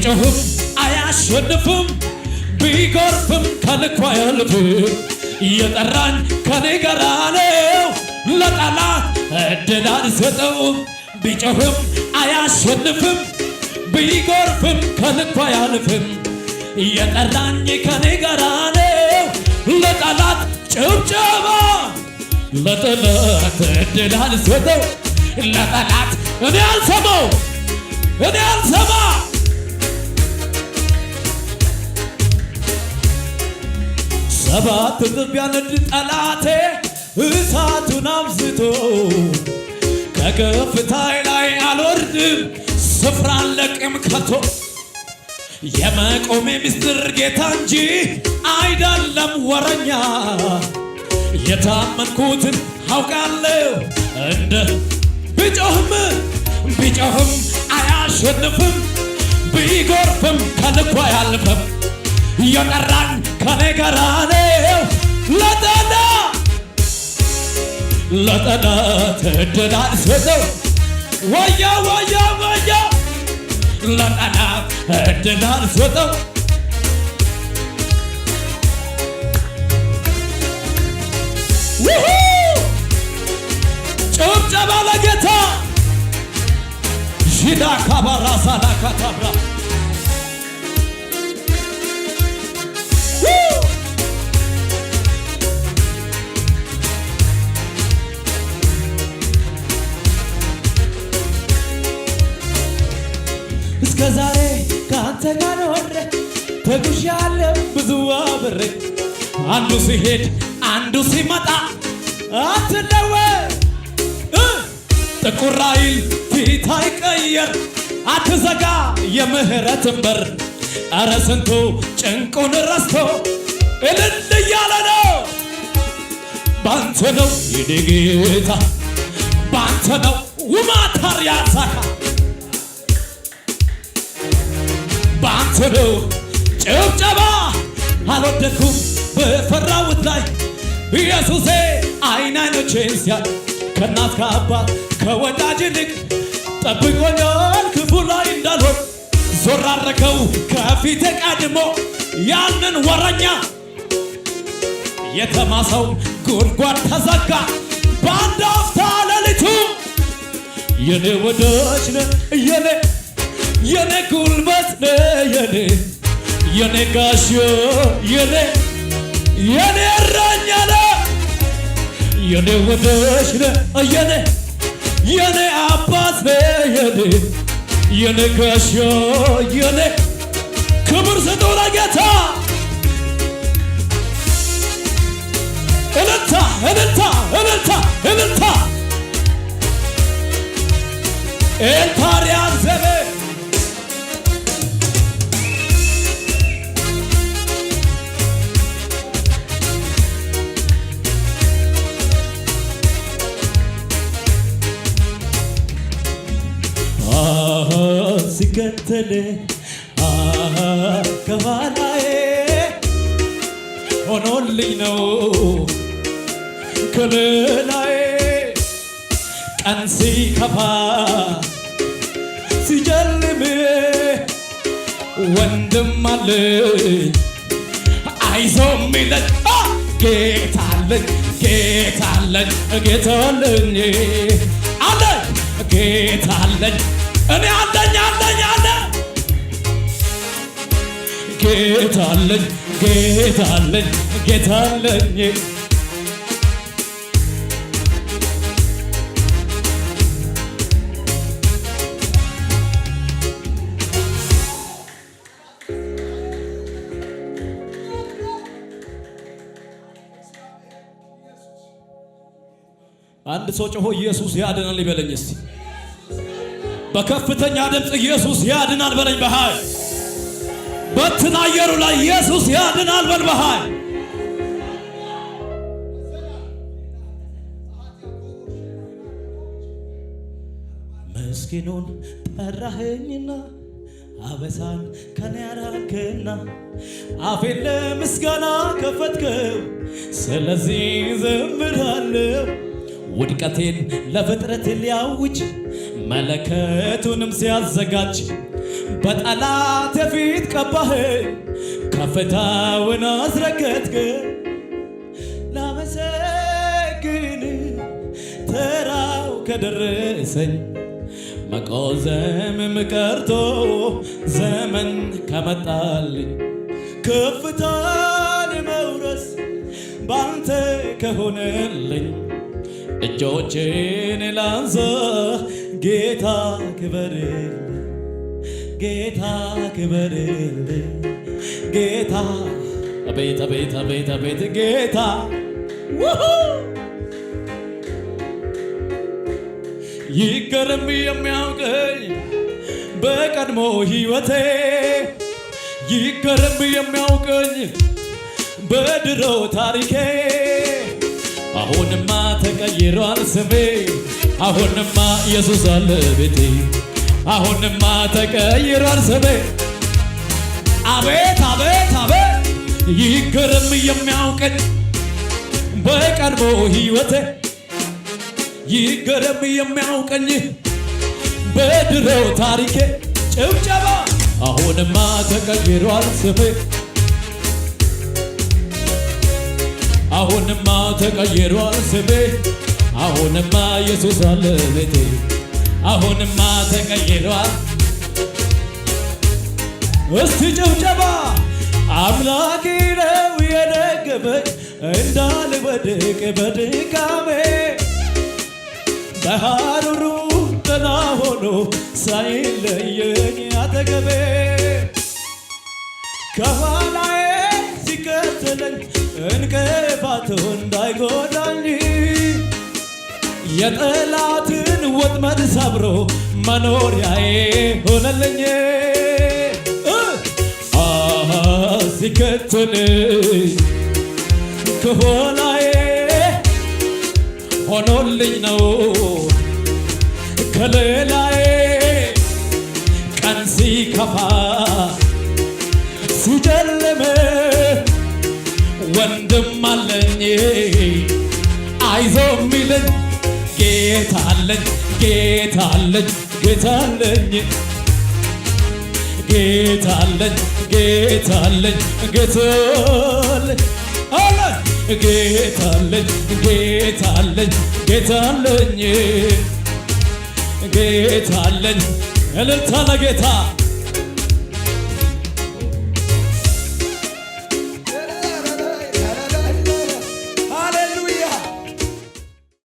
ቢጮህም አያሸንፍም ቢጎርፍም ከልኩ አያልፍም እየጠራኝ ከኔ ጋር ነው ለጠላት እድል አልሰጠውም ቢጮህም አያሸንፍም ቢጎርፍም ከልኩ አያልፍም እየጠራኝ ከኔ ጋር ነው ለጠላት ጭብጨባ ለጠላት እድል አልሰጠው ለጠላት እኔ አልሰማው እኔ አልሰማ ሰባት እጥፍ ቢያነድ ጠላቴ እሳቱን አብዝቶ ከከፍታዬ ላይ አልወርድም ስፍራ አለቅም ከቶ የመቆሜ ምስጢር ጌታ እንጂ አይደለም ወረኛ የታመንኩትን አውቃለሁ እንደ ቢጮህም ቢጮህም አያሸንፍም ቢጎርፍም ከልኳ አያልፍም እየጠራን ከኔ ጋራ ነው ለጠና ለጠና ትድናል ሴተው ወያ ወያ ወያ ለጠና ትድናል ሴተው ጭብጨባ ለጌታ ሺዳ ካባራሳዳ ካታብራ እስከ ዛሬ ከአንተ ጋር ኖሬ ተጉሻለሁ ብዙ አብሬ አንዱ ሲሄድ አንዱ ሲመጣ አትለወ ጥቁር አይል ፊት አይቀየር አትዘጋ የምህረትን በር እረ ስንቱ ጭንቁን ረስቶ እልል እያለ ነው። ባንተ ነው የኔ ጌታ ባንተ ነው ውማታር ያሳካ ያንተ ጭብጨባ አልወደኩም በፈራሁት ላይ ኢየሱሴ አይን አይኖቼን ሲያይ ከእናት ከአባት ከወዳጅ ይልቅ ጠብቆኛል ክፉ ላይ እንዳልሆን ዞር አረከው ከፊቴ ቀድሞ ያንን ወረኛ የተማሰው ጉድጓድ ተዘጋ በአንድ አፍታ ሌሊቱ የኔ ወዳጅ ነህ የኔ Yene kulbas ne yene Yene kaşyo yene Yene ranyana Yene vadaş ne yene Yene abbas ne yene Yene kaşyo yene Kıbrıs'ı dora geta Elenta, elenta, elenta, elenta ሲከተል ከኋላዬ ሆኖልኝ ነው ከለላዬ ቀን ሲከፋ ሲጨልም ወንድም አለኝ አይዞ ሚለኝ ጌታ አለኝ ጌታ አለኝ ጌታ አለኝ አለ ጌታ አለኝ እኔ አለኝ አለኝ አለ ጌታ አለኝ ጌታ አለኝ ጌታ አለኝ አንድ ሰው ጮሆ ኢየሱስ ያድናል ይበለኝ እስቲ በከፍተኛ ድምፅ ኢየሱስ ያድናል በለኝ በኃይል በትን አየሩ ላይ ኢየሱስ ያድናል በል በኃይል ምስኪኑን ጠራኸኝና አበሳን ከኔ ያራክና አፌን ለምስጋና ከፈትከው፣ ስለዚህ ዘምራለሁ ውድቀቴን ለፍጥረት ሊያውጅ መለከቱንም ሲያዘጋጅ በጠላት የፊት ቀባህ ከፍታውን አስረገጥክ። ላመሰግን ተራው ከደረሰኝ መቆዘምም ቀርቶ ዘመን ከመጣልኝ ከፍታን መውረስ ባንተ ከሆነልኝ እጆቼን ላንሳ ጌታ ክበርል ጌታ ክበርል ጌታ አቤት አቤት አቤት አቤት ጌታ ይገርም የሚያውቀኝ በቀድሞ ሕይወቴ ይገርም የሚያውቀኝ በድሮ ታሪኬ አሁንማ ተቀይሯል ስሜ አሁንማ ኢየሱስ አለ ቤቴ፣ አሁንማ ተቀይሯል ስሜ። አቤት አቤት አቤት ይገርም የሚያውቀኝ በቀድሞ ሕይወቴ ይገርም የሚያውቀኝ በድሮው ታሪኬ ጭብጨባ አሁንማ ተቀይሯል ስሜ አሁንማ ተቀይሯል ስሜ አሁንማ ኢየሱስ አለ ቤቴ፣ አሁንማ ተቀይሯል። እስቲ ጭብጨባ አምላኬ ነው የደገፈኝ እንዳልወድቅ በድካሜ በሐሩሩ ጥላ ሆኖ ሳይለየኝ አጠገቤ ከኋላዬ ሲከተለኝ እንቅፋቱ እንዳይጎዳኝ የጠላትን ወጥመድ ሰብሮ መኖሪያዬ ሆነልኝ። ሲከተል ከኋላዬ ሆኖልኝ ነው ከሌላዬ ቀን ሲከፋ ሲጨልም ወንድም አለኝ አይዞም ጌታለኝ ጌታለኝ ጌታለኝ ጌታለኝ ጌታለኝ ጌታለኝ አለ ጌታለኝ ጌታለኝ ጌታለኝ ጌታለኝ እልልታ ለጌታ